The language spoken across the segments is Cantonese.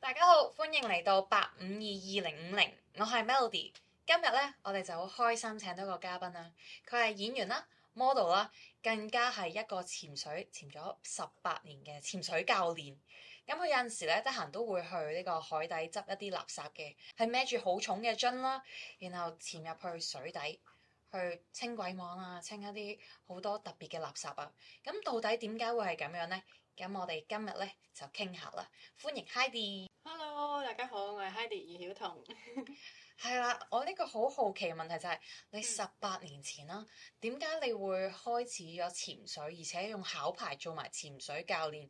大家好，歡迎嚟到八五二二零五零，我係 Melody。今日咧，我哋就好開心請到一個嘉賓啦，佢係演員啦、model 啦，更加係一個潛水潛咗十八年嘅潛水教練。咁佢有陣時咧得閒都會去呢個海底執一啲垃圾嘅，係孭住好重嘅樽啦，然後潛入去水底去清鬼網啊，清一啲好多特別嘅垃圾啊。咁到底點解會係咁樣咧？咁我哋今日咧就傾下啦，歡迎 Hidy。Hello，大家好，我係 Hidy 余曉彤。係 啦，我呢個好好奇嘅問題就係、是，你十八年前啦，點解、嗯、你會開始咗潛水，而且用考牌做埋潛水教練？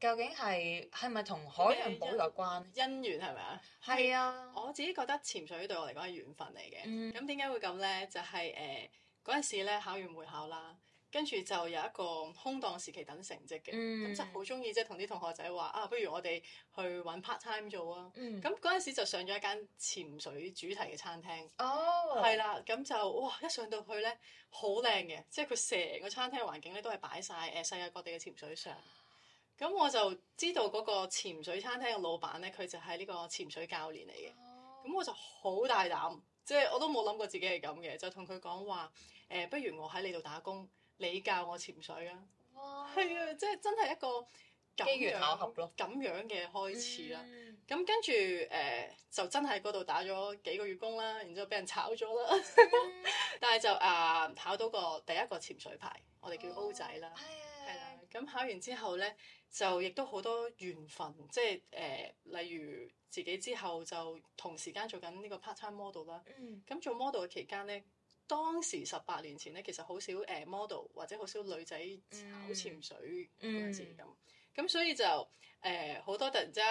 究竟係係咪同海洋保育有關？姻緣係咪啊？係啊，我自己覺得潛水對我嚟講係緣分嚟嘅。咁點解會咁咧？就係誒嗰陣時咧考完會考啦。跟住就有一個空檔時期等成績嘅，咁就好中意即係同啲同學仔話啊，不如我哋去揾 part time 做啊。咁嗰陣時就上咗一間潛水主題嘅餐廳，係啦、oh.，咁就哇一上到去咧好靚嘅，即係佢成個餐廳環境咧都係擺晒誒世界各地嘅潛水相。咁、oh. 嗯、我就知道嗰個潛水餐廳嘅老闆咧，佢就係呢個潛水教練嚟嘅。咁、oh. 嗯、我就好大膽，即係我都冇諗過自己係咁嘅，就同佢講話誒，不如我喺你度打工。你教我潛水啊！係哇啊，即係真係一個機緣巧合咯，咁樣嘅開始啦。咁跟住誒、呃，就真喺嗰度打咗幾個月工啦，然之後俾人炒咗啦。嗯、 但係就啊、呃，考到個第一個潛水牌，我哋叫 O 仔啦，係啦、哦。咁、哎、考完之後咧，就亦都好多緣分，即係誒，例如自己之後就同時間做緊呢個 part time model 啦。咁、嗯、做 model 嘅期間咧。當時十八年前咧，其實好少誒、呃、model 或者好少女仔考、嗯、潛水嗰陣時咁咁，嗯、所以就誒好、呃、多突然間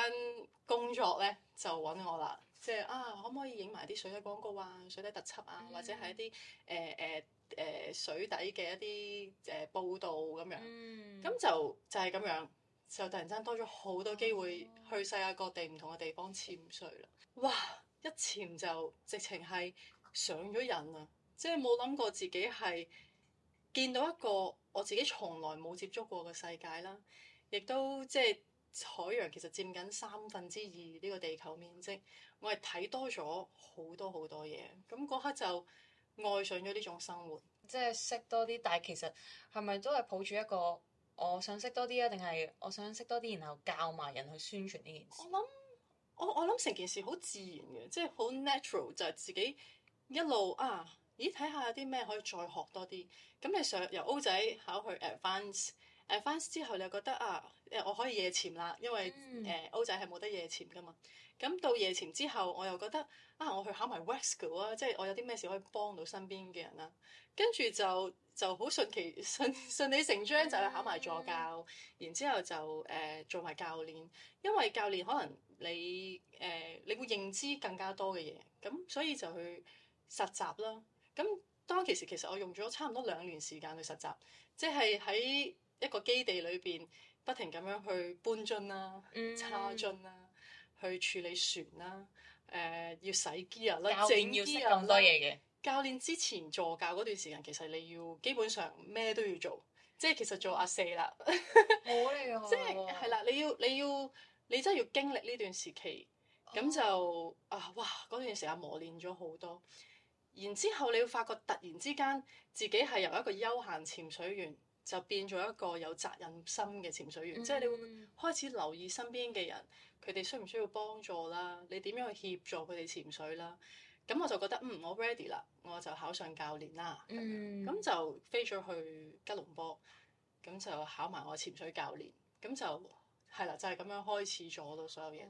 工作咧就揾我啦，即、就、係、是、啊，可唔可以影埋啲水底廣告啊、水底特輯啊，嗯、或者係一啲誒誒誒水底嘅一啲誒、呃、報道咁樣。咁、嗯、就就係、是、咁樣，就突然間多咗好多機會去世界各地唔同嘅地方潛水啦。哇！一潛就直情係上咗癮啊！即係冇諗過自己係見到一個我自己從來冇接觸過嘅世界啦，亦都即係海洋其實佔緊三分之二呢個地球面積。我係睇多咗好多好多嘢，咁嗰刻就愛上咗呢種生活，即係識多啲。但係其實係咪都係抱住一個我想識多啲啊？定係我想識多啲，然後教埋人去宣傳呢件事？我諗我我諗成件事好自然嘅，即係好 natural，就係自己一路啊。咦？睇下有啲咩可以再學多啲咁。你上由 O 仔考去 Advance、mm. Advance 之後你又覺得啊，誒我可以夜潛啦，因為誒 O、mm. 呃、仔係冇得夜潛噶嘛。咁到夜潛之後，我又覺得啊，我去考埋 rescue 啊，即係我有啲咩事可以幫到身邊嘅人啦、啊。跟住就就好順其順順理成章就去考埋助教，mm. 然之後就誒、呃、做埋教練，因為教練可能你誒、呃、你會認知更加多嘅嘢，咁所以就去實習啦。咁當其時，其實我用咗差唔多兩年時間去實習，即係喺一個基地裏邊，不停咁樣去搬樽啦、啊、嗯、叉樽啦、啊，去處理船、啊呃、啦，誒教練 ge 要洗機啊、整機啊，咁多嘢嘅。教練之前助教嗰段時間，其實你要基本上咩都要做，即係其實做阿四啦。 好厲害、啊！即係係啦，你要你要，你，要你真係要經歷呢段時期，咁就啊、oh. 哇，嗰段時間磨練咗好多。然之後，你會發覺突然之間，自己係由一個休閒潛水員就變咗一個有責任心嘅潛水員，嗯、即係你會開始留意身邊嘅人，佢哋需唔需要幫助啦？你點樣去協助佢哋潛水啦？咁我就覺得嗯，我 ready 啦，我就考上教練啦，咁、嗯、就飛咗去吉隆坡，咁就考埋我潛水教練，咁就係啦，就係、是、咁樣開始咗到所有嘢。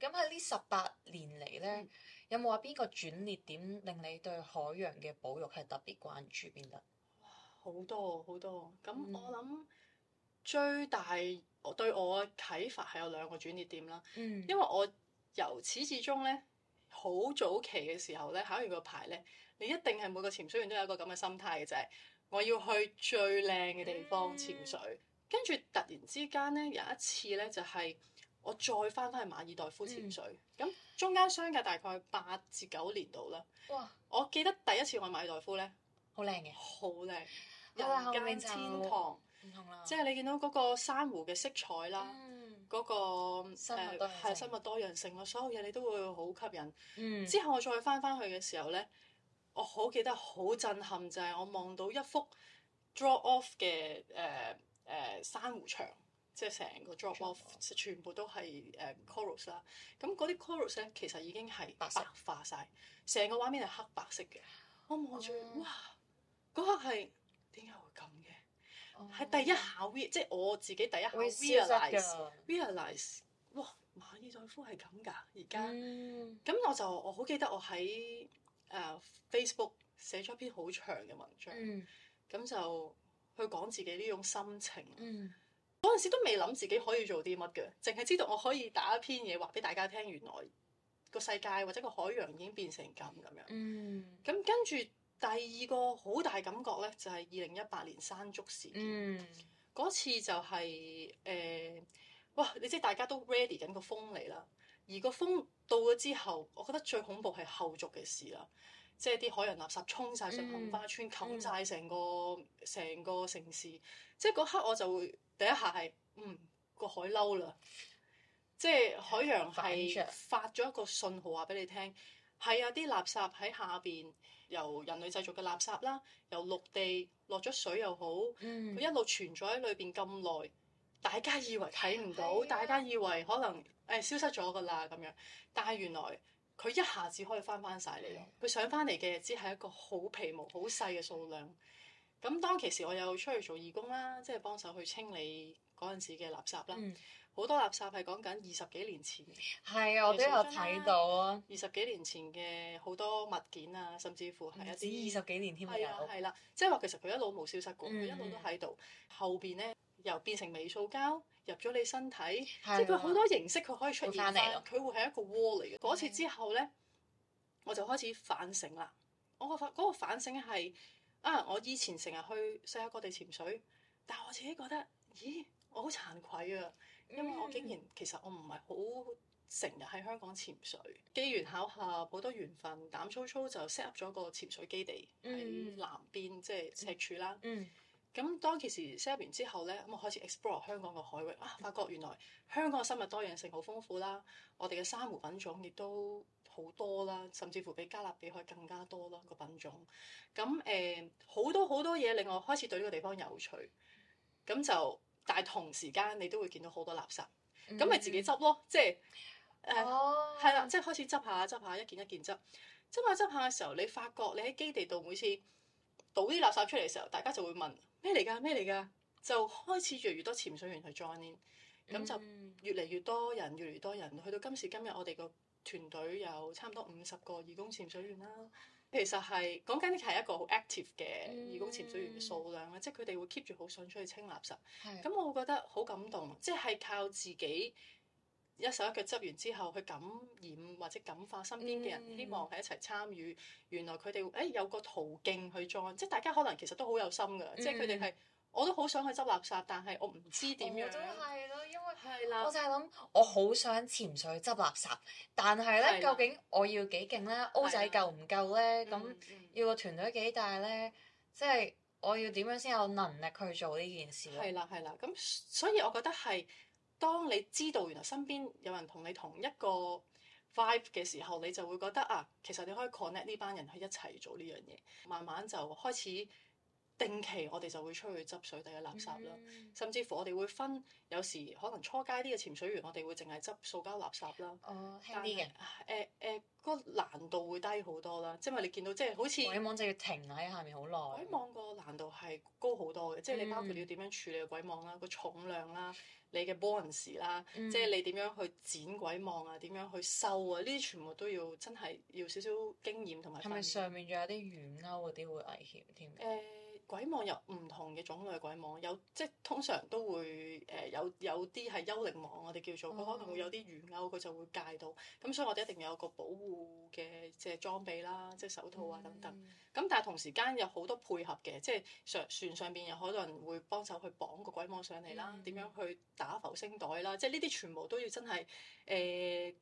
咁喺呢十八年嚟呢。嗯有冇話邊個轉捩點令你對海洋嘅保育係特別關注變得？哇，好多好多，咁、嗯、我諗最大對我嘅啟發係有兩個轉捩點啦。嗯、因為我由始至終呢，好早期嘅時候呢，考完個牌呢，你一定係每個潛水員都有一個咁嘅心態嘅啫，就係我要去最靚嘅地方潛水。嗯、跟住突然之間呢，有一次呢，就係、係。.我再翻翻去馬爾代夫潛水，咁、嗯、中間相隔大概八至九年度啦。哇！我記得第一次我去馬爾代夫咧，好靚嘅，好靚，有人間天堂，唔同啦，即係你見到嗰個珊瑚嘅色彩啦，嗰、嗯嗰個生物多樣性咯，呃，所有嘢你都會好吸引。嗯、之後我再翻翻去嘅時候咧，我好記得好震撼，就係、是、我望到一幅 draw off 嘅誒誒珊瑚牆。即係成個 drop off，全部都係誒 corals 啦。咁嗰啲 corals 咧，其實已經係白化晒，成個畫面係黑白色嘅。我望住，哇！嗰刻係點解會咁嘅？係第一下 re 即係我自己第一下 realize，realize，哇！馬爾代夫係咁㗎，而家。咁我就我好記得我喺誒 Facebook 寫咗一篇好長嘅文章，咁就去講自己呢種心情。嗰陣時都未諗自己可以做啲乜嘅，淨係知道我可以打一篇嘢話俾大家聽。原來個世界或者個海洋已經變成咁咁樣。咁、嗯、跟住第二個好大感覺咧，就係二零一八年山竹事件。嗰、嗯、次就係、是、誒、呃、哇！你即係大家都 ready 緊個風嚟啦，而個風到咗之後，我覺得最恐怖係後續嘅事啦，即係啲海洋垃圾沖晒上杏花村，冚晒成個成、嗯嗯、個城市。即係嗰刻我就會。第一下係，嗯，個、嗯、海嬲啦，即係海洋係發咗一個信號話俾你聽，係有啲垃圾喺下邊，由人類製造嘅垃圾啦，由陸地落咗水又好，佢、嗯、一路存在喺裏邊咁耐，大家以為睇唔到，啊、大家以為可能誒、哎、消失咗㗎啦咁樣，但係原來佢一下子可以翻翻晒嚟咯，佢上翻嚟嘅只係一個好皮毛、好細嘅數量。咁當其時，我又出去做義工啦，即係幫手去清理嗰陣時嘅垃圾啦。好、嗯、多垃圾係講緊二十幾年前，係的我都有睇到。啊。二十幾年前嘅好多物件啊，甚至乎係啊，隻二十幾年添。係啊，係啦，即係話其實佢一路冇消失過，嗯、佢一路都喺度。後邊咧，又變成微塑膠入咗你身體，的即係佢好多形式佢可以出現翻。佢會係一個窩嚟嘅。嗰次之後咧，我就開始反省啦的。我個反個反省係。啊！我以前成日去世界各地潛水，但我自己覺得，咦，我好慚愧啊，因為我竟然其實我唔係好成日喺香港潛水。機緣巧合，好多緣分，膽粗粗就 set up 咗個潛水基地喺南邊，即係赤柱啦。咁、嗯、當其時 set up 完之後呢，咁我開始 explore 香港個海域啊，發覺原來香港嘅生物多樣性好豐富啦，我哋嘅珊瑚品種亦都好多啦，甚至乎比加勒比海更加多啦個品種。咁誒，好多、呃、好多嘢令我開始對呢個地方有趣。咁就，但係同時間你都會見到好多垃圾。咁咪、mm hmm. 自己執咯，即係，呃、係啦、oh.，即係開始執下執下，一件一件執。執下執下嘅時候，你發覺你喺基地度每次倒啲垃圾出嚟嘅時候，大家就會問，咩嚟噶？咩嚟噶？就開始越嚟越多潛水員去 join in。咁就越嚟越多人，越嚟越多人，去到今時今日，我哋個，團隊有差唔多五十個義工潛水員啦、啊，其實係講緊呢，係一個好 active 嘅義工潛水員嘅數量啦，嗯、即係佢哋會 keep 住好想出去清垃圾。咁的我會覺得好感動，嗯、即係靠自己一手一腳執完之後，去感染或者感化身邊嘅人，希望喺一齊參與。嗯、原來佢哋誒有個途徑去做，即係大家可能其實都好有心㗎，嗯、即係佢哋係。我都好想去執垃圾，但係我唔知點樣。我都係咯，因為啦我就係諗，我好想潛水執垃圾，但係咧，啦究竟我要幾勁咧？O 仔夠唔夠咧？咁要個團隊幾大咧？即係我要點樣先有能力去做呢件事？係啦，係啦。咁所以我覺得係，當你知道原來身邊有人同你同一個 vibe 嘅時候，你就會覺得啊，其實你可以 connect 呢班人去一齊做呢樣嘢，慢慢就開始。定期我哋就會出去執水底嘅垃圾啦，嗯、甚至乎我哋會分有時可能初階啲嘅潛水員，我哋會淨係執塑膠垃圾啦，輕啲嘅。誒誒，呃呃個難度會低多、就是就是、好多啦，即係咪你見到即係好似鬼網就要停喺下面好耐。鬼網個難度係高好多嘅，嗯、即係你包括你要點樣處理鬼網啦，個、嗯、重量啦、啊，你嘅 balance 啦、啊，即係、嗯、你點樣去剪鬼網啊，點樣去收啊，呢啲全部都要真係要，要少，少少經驗同埋。係咪上面仲有啲軟勾嗰啲會危險添？呃鬼網有唔同嘅種類，鬼網，有即係通常都會誒、呃、有有啲係幽靈網，我哋叫做佢、嗯、可能會有啲魚鈎，佢就會戒到。咁所以我哋一定有一個保護嘅即係裝備啦，即係手套啊等等。咁、嗯、但係同時間有好多配合嘅，即係船船上邊有好多人會幫手去綁個鬼網上嚟啦，點、嗯、樣去打浮星袋啦，即係呢啲全部都要真係誒。欸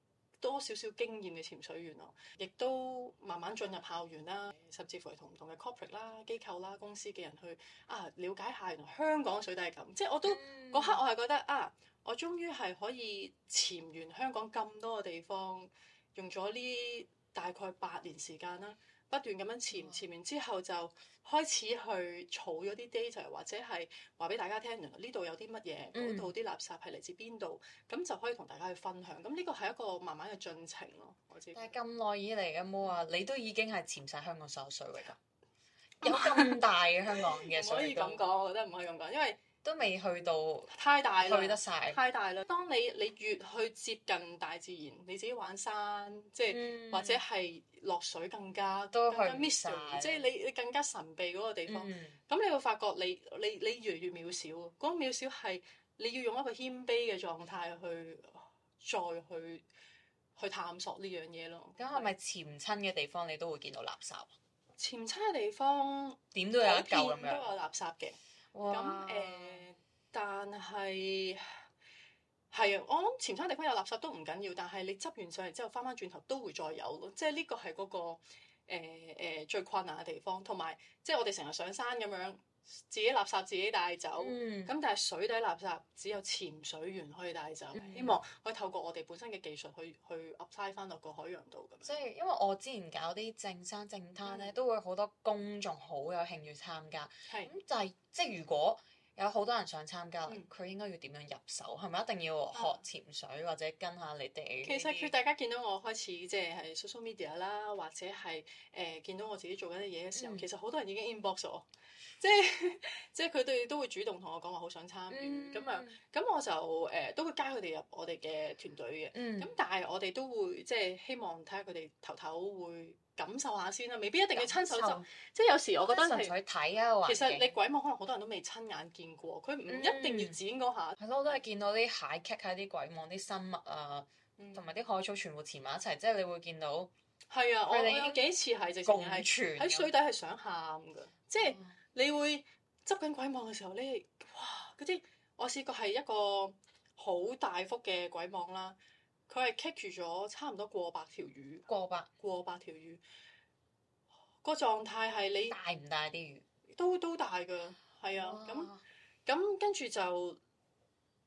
多，多少少經驗嘅潛水員咯，亦都慢慢進入校園啦，甚至乎係同唔同嘅 corporate 啦、機構啦、公司嘅人去啊，了解下原來香港水底係咁，即係我都嗰、嗯、刻我係覺得啊，我終於係可以潛完香港咁多個地方，用咗呢大概八年時間啦。不斷咁樣潛，潛完之後就開始去儲咗啲 data，或者係話俾大家聽，原來呢度有啲乜嘢，嗰度啲垃圾係嚟自邊度，咁就可以同大家去分享。咁呢個係一個慢慢嘅進程咯。我知。但係咁耐以嚟嘅冇 o 啊，嗯、你都已經係潛晒香港所 有水域㗎，有咁大嘅香港嘅所以咁講，我覺得唔可以咁講，因為。都未去到太大啦，去得晒太大啦。當你你越去接近大自然，你自己玩山，即係、嗯、或者係落水更加多，miss 曬，即係你你更加神秘嗰個地方。咁、嗯、你會發覺你你你越來越渺小。嗰、那個渺小係你要用一個謙卑嘅狀態去再去去探索呢樣嘢咯。咁係咪潛親嘅地方你都會見到垃圾啊？潛親嘅地方點都有一都有垃圾嘅。咁誒哇、嗯呃，但係係啊，我諗其他地方有垃圾都唔緊要，但係你執完上嚟之後，翻翻轉頭都會再有咯，即係呢個係嗰、嗰個誒、呃呃、最困難嘅地方，同埋即係我哋成日上山咁樣。自己垃圾自己帶走，咁、嗯、但係水底垃圾只有潛水員可以帶走。嗯、希望可以透過我哋本身嘅技術去、嗯、去吸晒翻落個海洋度咁。所以因為我之前搞啲淨山淨灘咧，嗯、都會好多公眾好有興趣參加。咁是就係即係如果有好多人想參加，佢、嗯、應該要點樣入手？係咪一定要學潛水、啊、或者跟下你哋？其實佢大家見到我開始即係 social media 啦，或者係誒、呃、見到我自己做緊啲嘢嘅時候，嗯、其實好多人已經 inbox 我。即係即係，佢哋都會主動同我講話，好想參與咁啊。咁我就誒都會加佢哋入我哋嘅團隊嘅。咁但係我哋都會即係希望睇下佢哋頭頭會感受下先啦，未必一定要親手做。即係有時我覺得係睇啊。其實你鬼網可能好多人都未親眼見過，佢唔一定要剪嗰下係咯，我都係見到啲蟹卡喺啲鬼網啲生物啊，同埋啲海草全部纏埋一齊，即係你會見到係啊。我哋幾次係直情係喺水底係想喊嘅，即係。你會執緊鬼網嘅時候，你哇嗰啲，我試過係一個好大幅嘅鬼網啦，佢係 catch 住咗差唔多過百條魚，過百過百條魚，個狀態係你大唔大啲魚？都都大噶，係啊，咁咁跟住就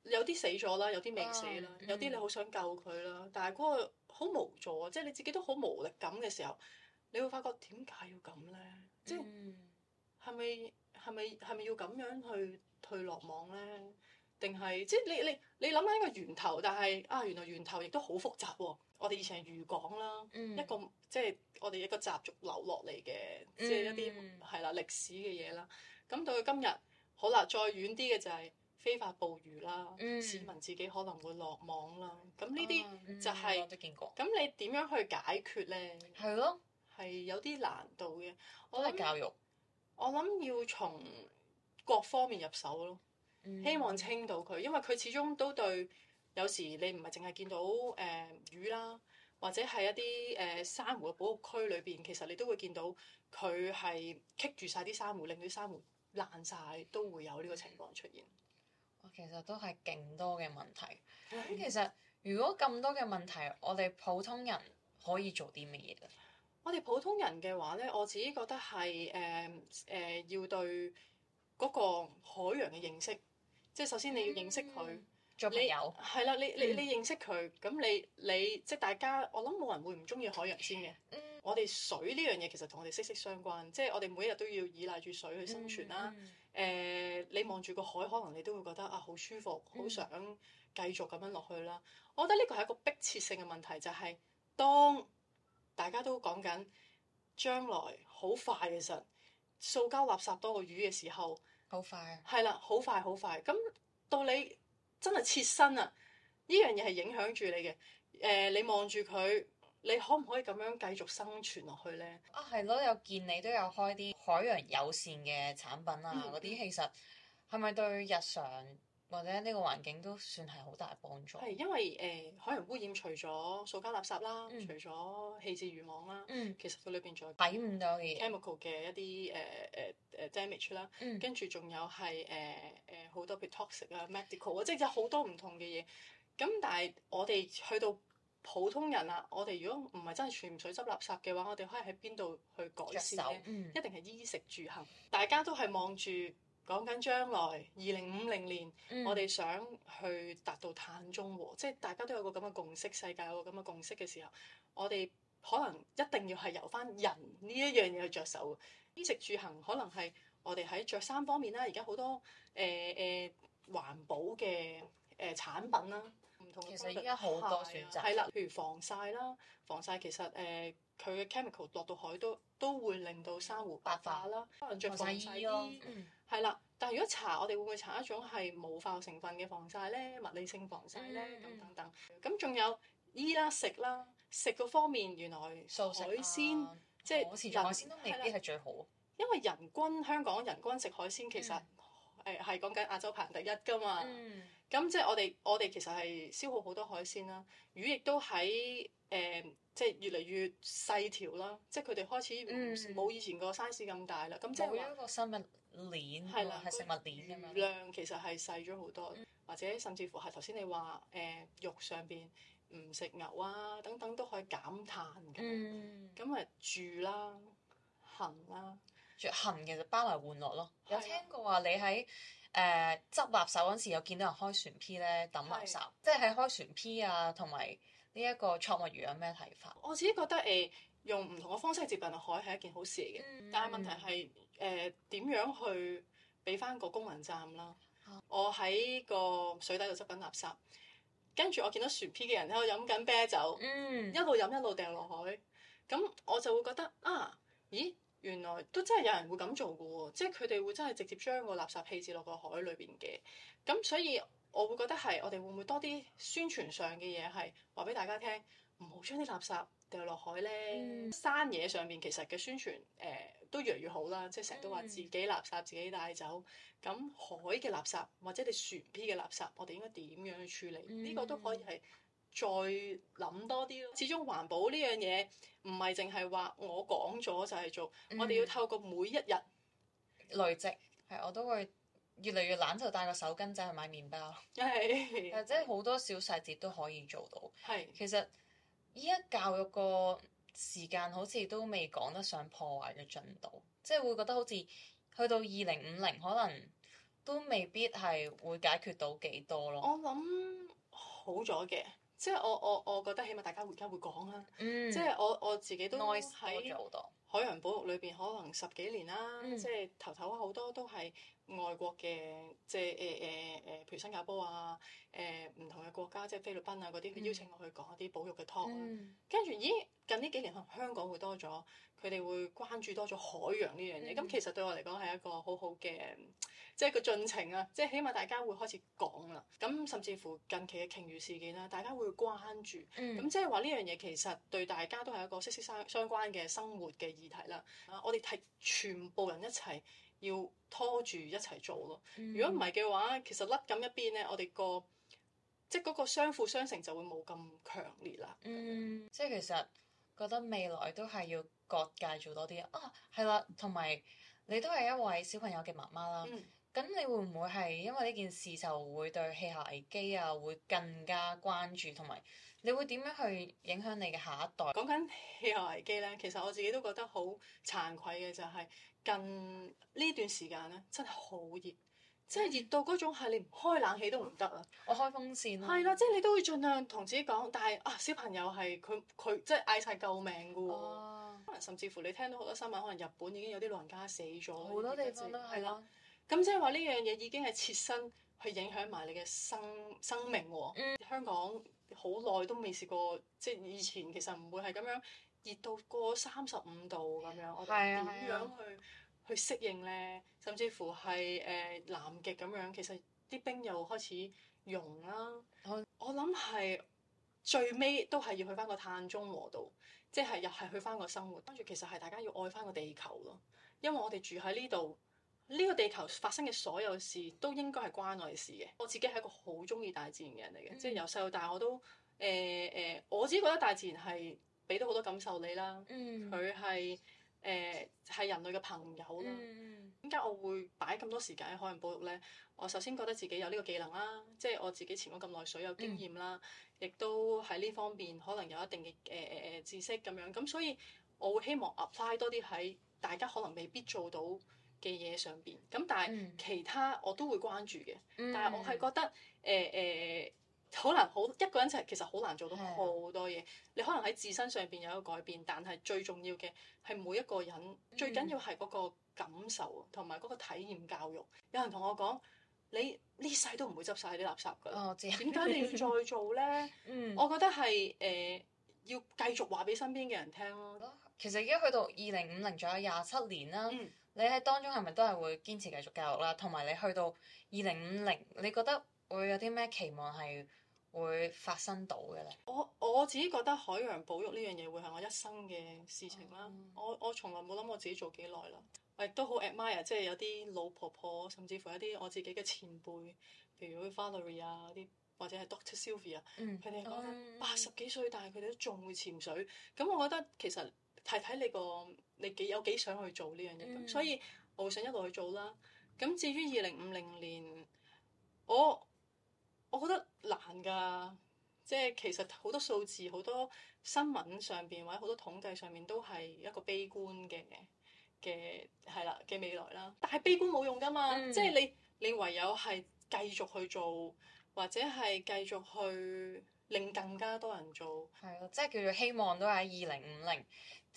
有啲死咗啦，有啲未死啦，有啲你好想救佢啦，嗯、但係嗰個好無助啊，即係你自己都好無力感嘅時候，你會發覺點解要咁咧？即係。嗯係咪係咪係咪要咁樣去退落網咧？定係即係你你你諗下一個源頭，但係啊，原來源頭亦都好複雜喎、哦。我哋以前係漁港啦，嗯、一個即係我哋一個習俗流落嚟嘅，即係一啲係、嗯、啦歷史嘅嘢啦。咁到到今日，好啦，再遠啲嘅就係非法捕魚啦。嗯、市民自己可能會落網啦。咁呢啲就係、是嗯、我都見過。咁你點樣去解決咧？係咯、嗯，係有啲難度嘅。我覺得教育。我諗要從各方面入手咯，希望清到佢，因為佢始終都對。有時你唔係淨係見到誒、呃、魚啦，或者係一啲誒、呃、珊瑚嘅保護區裏邊，其實你都會見到佢係棘住晒啲珊瑚，令到啲珊瑚爛晒，都會有呢個情況出現。啊、嗯，其實都係勁多嘅問題。咁 其實如果咁多嘅問題，我哋普通人可以做啲乜嘢啊？我哋普通人嘅話咧，我自己覺得係誒誒要對嗰個海洋嘅認識，即係首先你要認識佢、嗯、你做朋友啦，你你、嗯、你認識佢，咁你你即係大家，我諗冇人會唔中意海洋先嘅。嗯、我哋水呢樣嘢其實同我哋息息相關，即係我哋每一日都要依賴住水去生存啦。誒、嗯嗯呃，你望住個海，可能你都會覺得啊，好舒服，好、嗯、想繼續咁樣落去啦。我覺得呢個係一個迫切性嘅問題，就係、係、當。大家都講緊將來好快嘅時候，塑膠垃圾多過魚嘅時候，好快啊！係啦，好快好快。咁到你真係切身啊！呢樣嘢係影響住你嘅。誒、呃，你望住佢，你可唔可以咁樣繼續生存落去呢？啊，係咯，有見你都有開啲海洋友善嘅產品啊，嗰啲、嗯、其實係咪對日常？或者呢個環境都算係好大幫助。係因為誒、呃、海洋污染，除咗塑膠垃圾啦，嗯、除咗棄置漁網啦，嗯、其實佢裏邊仲有睇唔到嘅 chemical 嘅一啲誒誒誒 damage 啦，跟住仲有係誒誒好多 toxic 啊，medical 啊，即係有好多唔同嘅嘢。咁但係我哋去到普通人啊，我哋如果唔係真係全水執垃圾嘅話，我哋可以喺邊度去改善、嗯、一定係衣食住行，大家都係望住。講緊將來二零五零年，嗯、我哋想去達到碳中和，即係大家都有個咁嘅共識，世界有個咁嘅共識嘅時候，我哋可能一定要係由翻人呢一樣嘢去着手。衣食住行可能係我哋喺着衫方面啦，而家好多誒誒環保嘅。誒產品啦，唔同其實而家好多選擇，係啦，譬如防曬啦，防曬其實誒佢嘅 chemical 落到海都都會令到珊瑚白化啦。防曬意咯，係啦。但係如果搽，我哋會唔會搽一種係冇化成分嘅防曬咧？物理性防曬咧？咁等等。咁仲有衣啦、食啦，食嗰方面原來海鮮即係海鮮都未必係最好，因為人均香港人均食海鮮其實誒係講緊亞洲排第一㗎嘛。咁即係我哋，我哋其實係消耗好多海鮮啦，魚亦都喺誒，即係越嚟越細條啦，即係佢哋開始冇以前個 size 咁大啦。咁即係會一個生物鏈，係啦，係食物鏈咁樣。量其實係細咗好多，或者甚至乎係頭先你話誒肉上邊唔食牛啊等等都可以減碳嘅。咁啊住啦，行啦，住行其實包埋玩樂咯。有聽過話你喺？誒、呃、執垃圾嗰陣時，有見到人開船 P 咧，抌垃圾，是即係喺開船 P 啊，同埋呢一個博物園有咩睇法？我自己覺得誒、啊，用唔同嘅方式接近落海係一件好事嚟嘅，嗯、但係問題係誒點樣去俾翻個公民站啦？啊、我喺個水底度執緊垃圾，跟住我見到船 P 嘅人喺度飲緊啤酒，嗯、一路飲一路掟落海，咁我就會覺得啊，咦？原來都真係有人會咁做嘅喎、哦，即係佢哋會真係直接將個垃圾棄置落個海裏邊嘅。咁所以我會覺得係，我哋會唔會多啲宣傳上嘅嘢係話俾大家聽，唔好將啲垃圾掉落海呢。嗯、山野上面其實嘅宣傳誒、呃、都越嚟越好啦，即係成日都話自己垃圾自己帶走。咁、嗯、海嘅垃圾或者你船 P 嘅垃圾，我哋應該點樣去處理？呢、嗯、個都可以係。再諗多啲咯。始終環保呢樣嘢唔係淨係話我講咗就係做。嗯、我哋要透過每一日累積，係我都會越嚟越懶就帶個手巾仔去買麵包。係，即係好多小細節都可以做到。係，其實依家教育個時間好似都未講得上破壞嘅進度，即係會覺得好似去到二零五零可能都未必係會解決到幾多咯。我諗好咗嘅。即係我我我覺得起碼大家而家會講啦，嗯、即係我我自己都喺海洋保育裏邊可能十幾年啦，嗯、即係頭頭好多都係。外國嘅即係誒誒誒，譬如新加坡啊，誒、欸、唔同嘅國家，即係菲律賓啊嗰啲，佢、嗯、邀請我去講一啲保育嘅 talk 跟住、嗯，咦，近呢幾年香港會多咗，佢哋會關注多咗海洋呢樣嘢。咁、嗯、其實對我嚟講係一個好好嘅，即係個進程啊，即係起碼大家會開始講啦。咁甚至乎近期嘅鯨魚事件啦，大家會關注。咁即係話呢樣嘢其實對大家都係一個息息相關嘅生活嘅議題啦。啊，我哋係全部人一齊。要拖住一齊做咯。嗯、如果唔係嘅話，其實甩緊一邊咧，我哋個即係嗰個相輔相成就會冇咁強烈啦。嗯，吧即係其實覺得未來都係要各界做多啲啊。係啦，同埋你都係一位小朋友嘅媽媽啦。嗯，咁你會唔會係因為呢件事就會對氣候危機啊會更加關注，同埋你會點樣去影響你嘅下一代？講緊氣候危機咧，其實我自己都覺得好慚愧嘅就係、係。近呢段時間咧，真係好熱，即係熱到嗰種係，你唔開冷氣都唔得啊！我開風扇。係啦，即係你都會盡量同自己講，但係啊，小朋友係佢佢即係嗌晒救命喎、哦、可能甚至乎你聽到好多新聞，可能日本已經有啲老人家死咗。好多地方都係啦。咁的即係話呢樣嘢已經係切身去影響埋你嘅生生命喎。嗯、香港好耐都未試過，即係以前其實唔會係咁樣。熱到過三十五度咁樣，啊、我哋點樣去、啊、去適應呢？甚至乎係誒、呃、南極咁樣，其實啲冰又開始融啦。哦、我我諗係最尾都係要去翻個碳中和度，即、就、係、是、又係去翻個生活。跟住其實係大家要愛翻個地球咯，因為我哋住喺呢度，呢、這個地球發生嘅所有事都應該係關我哋事嘅。我自己係一個好中意大自然嘅人嚟嘅，即係由細到大我都誒誒、呃呃，我自己覺得大自然係。俾到好多感受你啦，佢係誒係人類嘅朋友啦。點解、嗯、我會擺咁多時間喺海洋保育咧？我首先覺得自己有呢個技能啦，即係我自己潛咗咁耐水有經驗啦，亦、嗯、都喺呢方面可能有一定嘅誒誒知識咁樣。咁所以我會希望 apply 多啲喺大家可能未必做到嘅嘢上邊。咁但係其他我都會關注嘅，嗯、但係我係覺得誒誒。呃呃好難好一個人其實好難做到好多嘢，的你可能喺自身上邊有一個改變，但係最重要嘅係每一個人、嗯、最緊要係嗰個感受同埋嗰個體驗教育。有人同我講：你呢世都唔會執晒啲垃圾㗎，點解你要再做呢？嗯，我覺得係誒、呃、要繼續話俾身邊嘅人聽咯。其實而家去到二零五零仲有廿七年啦，嗯、你喺當中係咪都係會堅持繼續教育啦？同埋你去到二零五零，你覺得？會有啲咩期望係會發生到嘅咧？我我自己覺得海洋保育呢樣嘢會係我一生嘅事情啦。Oh. 我我從來冇諗過我自己做幾耐啦。我亦都好 admire 即係有啲老婆婆，甚至乎有啲我自己嘅前輩，譬如佢 Valerie 啊，啲或者係 Doctor Sylvia，佢哋講八十幾歲，但係佢哋都仲會潛水。咁我覺得其實係睇你個你幾有幾想去做呢樣嘢。Mm. 所以我會想一路去做啦。咁至於二零五零年，我。我覺得難㗎，即係其實好多數字、好多新聞上邊或者好多統計上面，都係一個悲觀嘅嘅係啦嘅未來啦，但係悲觀冇用㗎嘛，嗯、即係你你唯有係繼續去做，或者係繼續去令更加多人做，係咯，即係叫做希望都喺二零五零，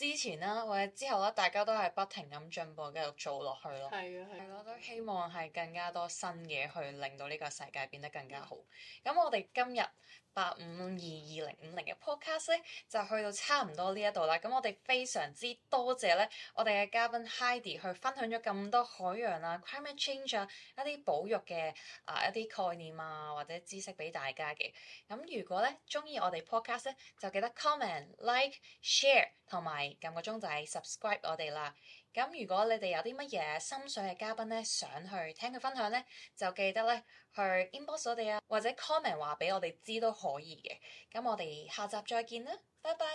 之前啦，或者之後啦，大家都係不停咁進步，繼續做落去咯。係啊，係咯，都希望係更加多新嘢去令到呢個世界變得更加好。咁、嗯、我哋今日。八五二二零五零嘅 podcast 咧，8, 5, 2, 2, 0, Pod cast，就去到差唔多呢一度啦。咁我哋非常之多謝咧，我哋嘅嘉賓 Hidy 去分享咗咁多海洋啊、climate change 啊，一啲保育嘅啊，一啲概念啊或者知識俾大家嘅。咁如果咧，中意我哋 podcast 咧，就記得 comment、like、share 同埋撳個鐘仔 subscribe 我哋啦。咁如果你哋有啲乜嘢心水嘅嘉賓咧，想去聽佢分享咧，就記得咧去 inbox 我哋啊，或者 comment 話俾我哋知都可以嘅。咁我哋下集再見啦，拜拜。